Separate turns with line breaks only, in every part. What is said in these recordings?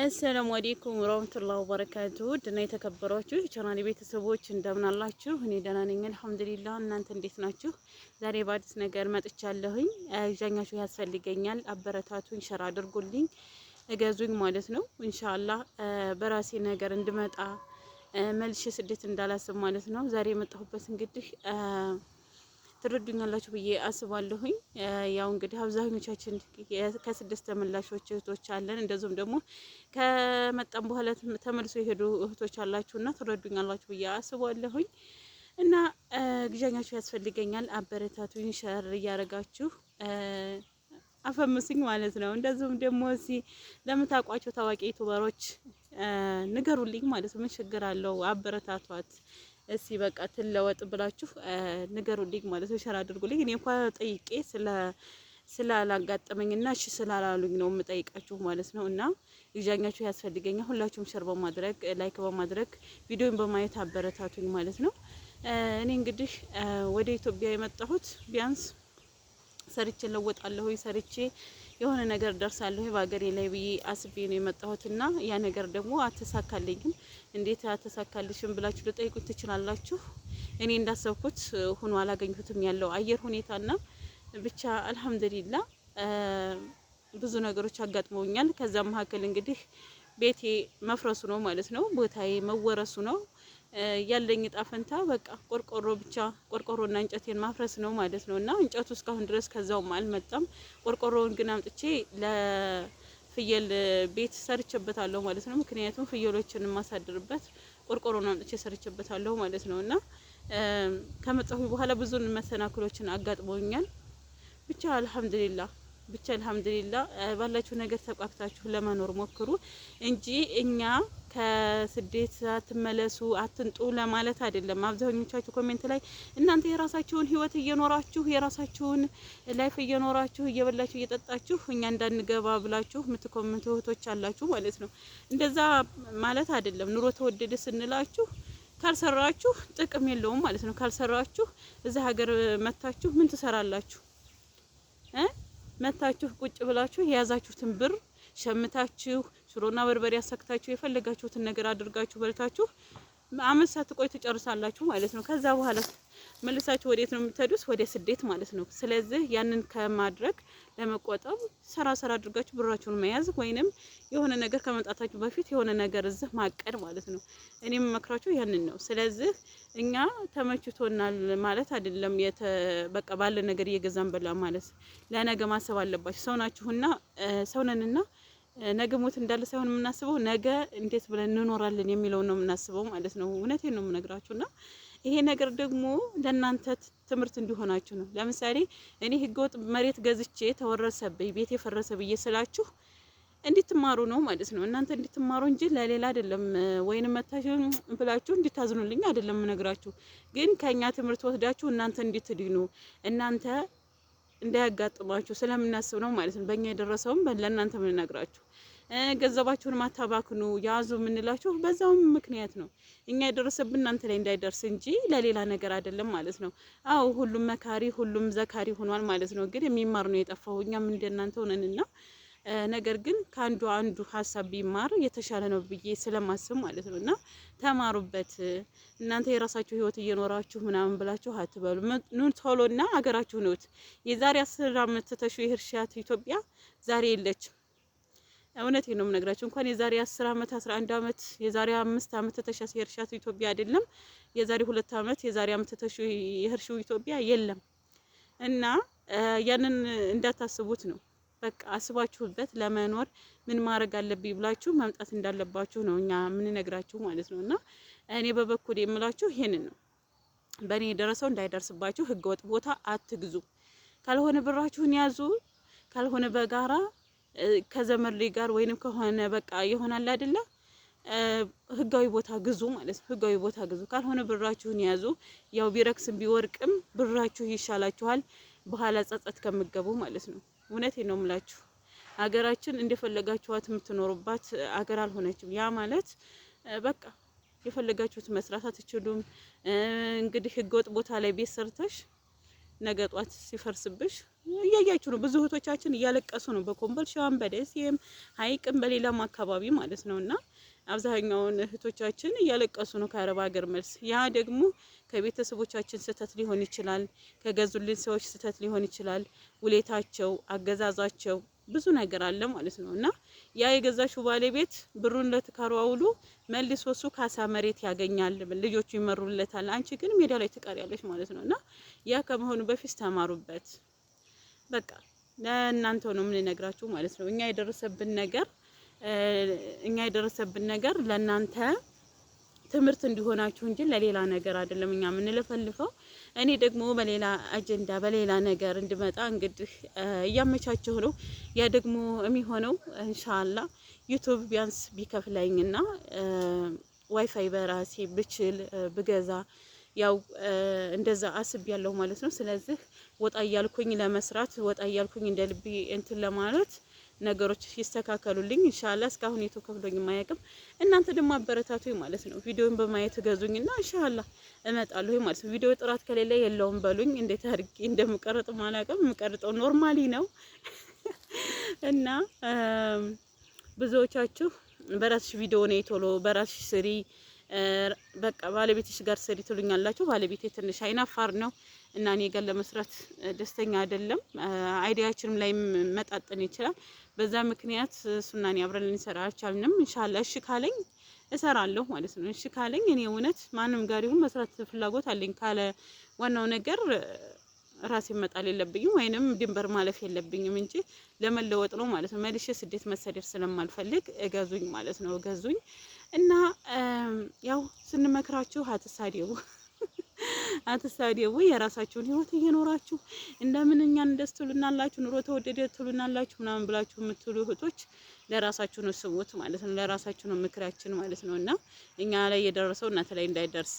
አሰላሙ አለይኩም ወራህመቱላሂ ወበረካቱ ድና የተከበሯችሁ የቻናሌ ቤተሰቦች እንደምን አላችሁ? እኔ ደህና ነኝ አልሐምዱሊላህ። እናንተ እንዴት ናችሁ? ዛሬ በአዲስ ነገር መጥቻለሁኝ። አብዛኛችሁ ያስፈልገኛል፣ አበረታቱኝ፣ ሸራ አድርጉልኝ፣ እገዙኝ ማለት ነው። ኢንሻአላህ በራሴ ነገር እንድመጣ መልሼ ስደት እንዳላስብ ማለት ነው። ዛሬ የመጣሁበት እንግዲህ ትረዱኛላችሁ ብዬ አስባለሁኝ። ያው እንግዲህ አብዛኞቻችን ከስድስት ተመላሾች እህቶች አለን። እንደዚሁም ደግሞ ከመጣም በኋላ ተመልሶ የሄዱ እህቶች አላችሁ እና ትረዱኛላችሁ ብዬ አስባለሁኝ። እና ግዣኛችሁ ያስፈልገኛል። አበረታቱኝ ሸር እያደረጋችሁ አፈምስኝ ማለት ነው። እንደዚሁም ደግሞ እዚህ ለምታውቋቸው ታዋቂ ዩቱበሮች ንገሩልኝ ማለት ምን ችግር አለው? አበረታቷት እስቲ በቃ ትለወጥ ብላችሁ ንገሩልኝ ማለት ነው። ሸር አድርጉልኝ። እኔ እንኳ ጠይቄ ስለ ስላላጋጠመኝና እሺ ስላላሉኝ ነው የምጠይቃችሁ ማለት ነው። እና ይግዛኛችሁ ያስፈልገኛል። ሁላችሁም ሸር በማድረግ ላይክ በማድረግ ቪዲዮን በማየት አበረታቱኝ ማለት ነው። እኔ እንግዲህ ወደ ኢትዮጵያ የመጣሁት ቢያንስ ሰርቼ ለወጣለሁ ሰርቼ የሆነ ነገር ደርሳለሁ በሀገሬ ላይ ብዬ አስቤ ነው የመጣሁትና ያ ነገር ደግሞ አልተሳካልኝም። እንዴት አልተሳካልሽም ብላችሁ ልጠይቁት ትችላላችሁ። እኔ እንዳሰብኩት ሆኖ አላገኘሁትም። ያለው አየር ሁኔታና ብቻ አልሐምዱሊላ ብዙ ነገሮች አጋጥመውኛል። ከዛ መካከል እንግዲህ ቤቴ መፍረሱ ነው ማለት ነው። ቦታዬ መወረሱ ነው። ያለኝ እጣ ፈንታ በቃ ቆርቆሮ ብቻ ቆርቆሮና እንጨቴን ማፍረስ ነው ማለት ነው። እና እንጨቱ እስካሁን ድረስ ከዛውም አልመጣም። ቆርቆሮውን ግን አምጥቼ ለፍየል ቤት ሰርቸበታለሁ ማለት ነው። ምክንያቱም ፍየሎችን የማሳድርበት ቆርቆሮን አምጥቼ ሰርቸበታለሁ ማለት ነው። እና ከመጣሁ በኋላ ብዙ መሰናክሎችን አጋጥሞኛል። ብቻ አልሐምዱሊላ ብቻ አልሐምዱሊላ ባላችሁ ነገር ተቋቅታችሁ ለመኖር ሞክሩ እንጂ እኛ ከስደት አትመለሱ፣ አትንጡ ለማለት አይደለም። አብዛኞቻችሁ ኮሜንት ላይ እናንተ የራሳችሁን ህይወት እየኖራችሁ የራሳችሁን ላይፍ እየኖራችሁ እየበላችሁ እየጠጣችሁ እኛ እንዳንገባ ብላችሁ የምትኮምቱ እህቶች አላችሁ ማለት ነው። እንደዛ ማለት አይደለም። ኑሮ ተወደደ ስንላችሁ ካልሰራችሁ ጥቅም የለውም ማለት ነው። ካልሰራችሁ እዛ ሀገር መታችሁ ምን ትሰራላችሁ? መታችሁ ቁጭ ብላችሁ የያዛችሁትን ብር ሸምታችሁ ሽሮና በርበሬ አሳክታችሁ የፈለጋችሁትን ነገር አድርጋችሁ በልታችሁ አመት ቆይ ትጨርሳላችሁ ማለት ነው። ከዛ በኋላ መልሳችሁ ወዴት ነው የምትሄዱት? ወደ ስደት ማለት ነው። ስለዚህ ያንን ከማድረግ ለመቆጠብ ሰራ ሰራ አድርጋችሁ ብራችሁን መያዝ ወይንም የሆነ ነገር ከመምጣታችሁ በፊት የሆነ ነገር እዚህ ማቀድ ማለት ነው። እኔ የምመክራችሁ ያንን ነው። ስለዚህ እኛ ተመችቶናል ማለት አይደለም። በቃ ባለ ነገር እየገዛን በላ ማለት ለነገ ማሰብ አለባችሁ። ሰው ናችሁና ሰውነንና ነገ ሞት እንዳለ ሳይሆን የምናስበው ነገ እንዴት ብለን እንኖራለን የሚለውን ነው የምናስበው ማለት ነው። እውነቴን ነው የምነግራችሁና ይሄ ነገር ደግሞ ለእናንተ ትምህርት እንዲሆናችሁ ነው። ለምሳሌ እኔ ህገወጥ መሬት ገዝቼ ተወረሰብኝ፣ ቤት የፈረሰ ብዬ ስላችሁ እንድትማሩ ነው ማለት ነው። እናንተ እንድትማሩ እንጂ ለሌላ አይደለም። ወይን መታችሁ ብላችሁ እንድታዝኑልኝ አይደለም ነግራችሁ፣ ግን ከኛ ትምህርት ወስዳችሁ እናንተ እንድትድኑ እናንተ እንዳያጋጥማችሁ ስለምናስብ ነው ማለት ነው። በእኛ የደረሰውም ለእናንተ ምንነግራችሁ ገንዘባችሁን ማታባክኑ ያዙ የምንላችሁ በዛውም ምክንያት ነው። እኛ የደረሰብን እናንተ ላይ እንዳይደርስ እንጂ ለሌላ ነገር አይደለም ማለት ነው። አዎ ሁሉም መካሪ ሁሉም ዘካሪ ሆኗል ማለት ነው። ግን የሚማር ነው የጠፋው። እኛም እንደናንተ ሆነንና ነገር ግን ከአንዱ አንዱ ሀሳብ ቢማር የተሻለ ነው ብዬ ስለማስብ ማለት ነው። እና ተማሩበት። እናንተ የራሳችሁ ህይወት እየኖራችሁ ምናምን ብላችሁ አትበሉ። ቶሎ ና ሀገራችሁ ነውት። የዛሬ አስር አመት ተሹ የህርሻት ኢትዮጵያ ዛሬ የለች። እውነት ነው የምነግራችሁ። እንኳን የዛሬ አስር አመት አንድ አመት የዛሬ አምስት አመት ተተሻስ የእርሻት ኢትዮጵያ አይደለም የዛሬ ሁለት አመት የዛሬ አመት ተተሹ የህርሽው ኢትዮጵያ የለም እና ያንን እንዳታስቡት ነው። በቃ አስባችሁበት ለመኖር ምን ማድረግ አለብኝ ብላችሁ መምጣት እንዳለባችሁ ነው እኛ የምንነግራችሁ ማለት ነው። እና እኔ በበኩል የምላችሁ ይሄንን ነው። በእኔ የደረሰው እንዳይደርስባችሁ ህገወጥ ቦታ አትግዙ። ካልሆነ ብራችሁን ያዙ፣ ካልሆነ በጋራ ከዘመድ ጋር ወይንም ከሆነ በቃ ይሆናል አይደለ ህጋዊ ቦታ ግዙ ማለት ነው። ህጋዊ ቦታ ግዙ፣ ካልሆነ ብራችሁን ያዙ። ያው ቢረክስም ቢወርቅም ብራችሁ ይሻላችኋል። በኋላ ጸጸት ከምገቡ ማለት ነው። እውነቴ ነው የምላችሁ ሀገራችን እንደፈለጋችኋት የምትኖሩባት ሀገር አልሆነችም። ያ ማለት በቃ የፈለጋችሁት መስራት አትችሉም። እንግዲህ ህገወጥ ቦታ ላይ ቤት ሰርተሽ ነገ ጧት ሲፈርስብሽ እያያችሁ ነው። ብዙ እህቶቻችን እያለቀሱ ነው፣ በኮምቦልቻም በደሴም ሀይቅም በሌላም አካባቢ ማለት ነው እና አብዛኛውን እህቶቻችን እያለቀሱ ነው ከአረብ ሀገር መልስ። ያ ደግሞ ከቤተሰቦቻችን ስህተት ሊሆን ይችላል፣ ከገዙልን ሰዎች ስህተት ሊሆን ይችላል። ውሌታቸው፣ አገዛዛቸው ብዙ ነገር አለ ማለት ነው እና ያ የገዛሹ ባለቤት ብሩን ለትካሩ አውሉ መልሶ እሱ ካሳ መሬት ያገኛል፣ ልጆቹ ይመሩለታል። አንቺ ግን ሜዳ ላይ ትቀሪያለች ማለት ነው እና ያ ከመሆኑ በፊት ተማሩበት። በቃ ለእናንተው ነው የምንነግራችሁ ማለት ነው እኛ የደረሰብን ነገር እኛ የደረሰብን ነገር ለእናንተ ትምህርት እንዲሆናችሁ እንጂ ለሌላ ነገር አይደለም እኛ የምንለፈልፈው። እኔ ደግሞ በሌላ አጀንዳ በሌላ ነገር እንድመጣ እንግዲህ እያመቻቸው ነው። ያ ደግሞ የሚሆነው እንሻላ ዩቱብ ቢያንስ ቢከፍለኝና ዋይፋይ በራሴ ብችል ብገዛ ያው እንደዛ አስብ ያለው ማለት ነው። ስለዚህ ወጣ እያልኩኝ ለመስራት ወጣ እያልኩኝ እንደ ልቤ እንትን ለማለት ነገሮች ይስተካከሉልኝ እንሻላ። እስካሁን የቱ ከፍሎኝ እናንተ ደግሞ አበረታቱኝ ማለት ነው። ቪዲዮን በማየት ገዙኝና እንሻላ እመጣለሁ ማለት ነው። ቪዲዮ ጥራት ከሌለ የለውም በሉኝ። እንዴት አድርጌ እንደምቀርጥ ማላውቅም። የምቀርጠው ኖርማሊ ነው እና ብዙዎቻችሁ በራስሽ ቪዲዮ ነው የቶሎ በራስሽ ስሪ በቃ ባለቤትሽ ጋር ስሪ ትሉኛላችሁ። ባለቤቴ ትንሽ አይናፋር ነው እና እኔ ጋር ለመስራት ደስተኛ አይደለም። አይዲያችንም ላይ መጣጥን ይችላል። በዛ ምክንያት እሱና እኔ አብረን ልንሰራ አልቻልንም። ኢንሻአላ እሺ ካለኝ እሰራለሁ ማለት ነው። እሺ ካለኝ እኔ እውነት ማንም ጋር ይሁን መስራት ፍላጎት አለኝ ካለ ዋናው ነገር ራሴን መጣል የለብኝም ወይንም ድንበር ማለፍ የለብኝም እንጂ ለመለወጥ ነው ማለት ነው። መልሼ ስደት መሰደድ ስለማልፈልግ እገዙኝ ማለት ነው። እገዙኝ እና ያው ስንመክራችሁ አትሳደቡ አትሳደቡ የራሳችሁን ህይወት እየኖራችሁ እንደምን እኛን ደስ ትሉናላችሁ፣ ኑሮ ተወደደ ትሉናላችሁ ምናምን ብላችሁ የምትሉ እህቶች ለራሳችሁ ነው ስሙት ማለት ነው። ለራሳችሁ ነው ምክራችን ማለት ነው። እና እኛ ላይ የደረሰው እናንተ ላይ እንዳይደርስ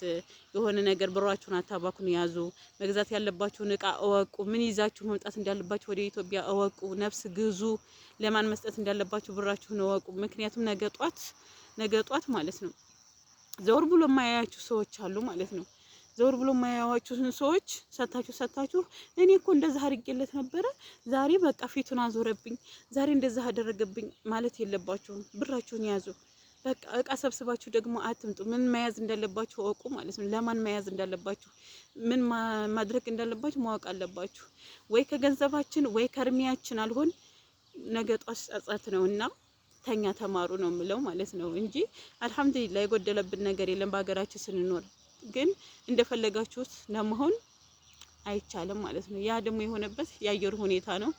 የሆነ ነገር ብሯችሁን አታባኩን ያዙ። መግዛት ያለባችሁን እቃ እወቁ። ምን ይዛችሁ መምጣት እንዳለባችሁ ወደ ኢትዮጵያ እወቁ። ነፍስ ግዙ። ለማን መስጠት እንዳለባችሁ ብራችሁን እወቁ። ምክንያቱም ነገ ጧት ነገ ጧት ማለት ነው ዘወር ብሎ የማያያችሁ ሰዎች አሉ ማለት ነው። ዘውር ብሎ የማያዋችሁን ሰዎች ሰታችሁ ሰታችሁ። እኔ እኮ እንደዛ አድርጌለት ነበረ፣ ዛሬ በቃ ፊቱን አዞረብኝ፣ ዛሬ እንደዛ አደረገብኝ ማለት የለባችሁም። ብራችሁን ያዙ። በቃ እቃ ሰብስባችሁ ደግሞ አትምጡ። ምን መያዝ እንዳለባችሁ እወቁ ማለት ነው። ለማን መያዝ እንዳለባችሁ ምን ማድረግ እንዳለባችሁ ማወቅ አለባችሁ። ወይ ከገንዘባችን ወይ ከእድሜያችን አልሆን ነገ ጧት ጸጸት ነው እና ተኛ ተማሩ ነው የምለው ማለት ነው እንጂ አልሐምዱሊላ የጎደለብን ነገር የለም በሀገራችን ስንኖር ግን እንደፈለጋችሁት ለመሆን አይቻልም ማለት ነው። ያ ደግሞ የሆነበት የአየር ሁኔታ ነው።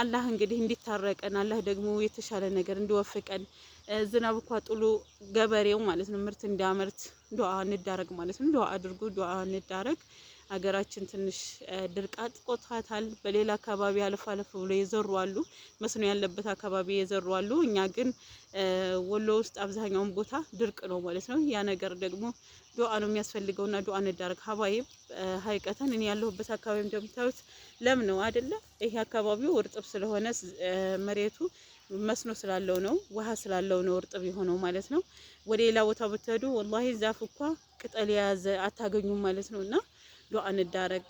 አላህ እንግዲህ እንዲታረቀን አላህ ደግሞ የተሻለ ነገር እንዲወፍቀን ዝናብ እንኳ ጥሎ ገበሬው ማለት ነው ምርት እንዲያመርት ዱአ እንዳረግ ማለት ነው። ዱአ አድርጉ፣ ዱአ እንዳረግ አገራችን ትንሽ ድርቅ አጥቆታታል። በሌላ አካባቢ አለፍ አለፍ ብሎ የዘሩ አሉ፣ መስኖ ያለበት አካባቢ የዘሩ አሉ። እኛ ግን ወሎ ውስጥ አብዛኛውን ቦታ ድርቅ ነው ማለት ነው። ያ ነገር ደግሞ ዱአ ነው የሚያስፈልገውና ዱአ እንዳርግ። ሀባይብ ሀይቀተን እኔ ያለሁበት አካባቢ እንደምታዩት ለም ነው አይደለ? ይሄ አካባቢው እርጥብ ስለሆነ መሬቱ መስኖ ስላለው ነው፣ ውሃ ስላለው ነው እርጥብ የሆነው ማለት ነው። ወደ ሌላ ቦታ ብትሄዱ ወላሂ ዛፍ ቅጠል የያዘ አታገኙም ማለት ነው እና ዱዓ እንዳረግ።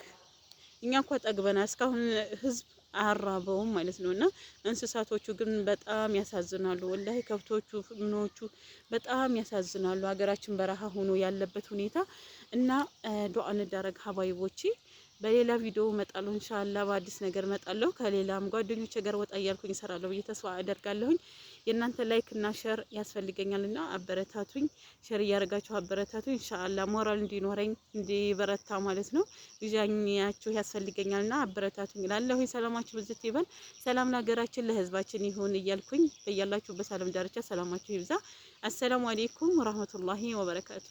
እኛ እንኳ ጠግበና እስካሁን ህዝብ አራበውም ማለት ነው። እና እንስሳቶቹ ግን በጣም ያሳዝናሉ። ወላሂ ከብቶቹ ምኖቹ በጣም ያሳዝናሉ። ሀገራችን በረሃ ሆኖ ያለበት ሁኔታ እና ዱዓ እንዳረግ ሀባይቦቼ በሌላ ቪዲዮ መጣለሁ ኢንሻአላህ። በአዲስ ነገር መጣለሁ። ከሌላም ጓደኞቼ ጋር ወጣ እያልኩኝ እሰራለሁ ብዬ ተስፋ አደርጋለሁኝ። የእናንተ ላይክ እና ሸር ያስፈልገኛል እና አበረታቱኝ። ሸር እያደረጋችሁ አበረታቱ እንሻላ ሞራል እንዲኖረኝ እንዲበረታ ማለት ነው። ብዣኛችሁ ያስፈልገኛል እና አበረታቱኝ ላለሁ ሰላማችሁ ብዝት ይበል። ሰላም ለሀገራችን ለህዝባችን ይሁን እያልኩኝ በያላችሁበት አለም ዳርቻ ሰላማችሁ ይብዛ። አሰላሙ አሌይኩም ወራህመቱላሂ ወበረካቱ።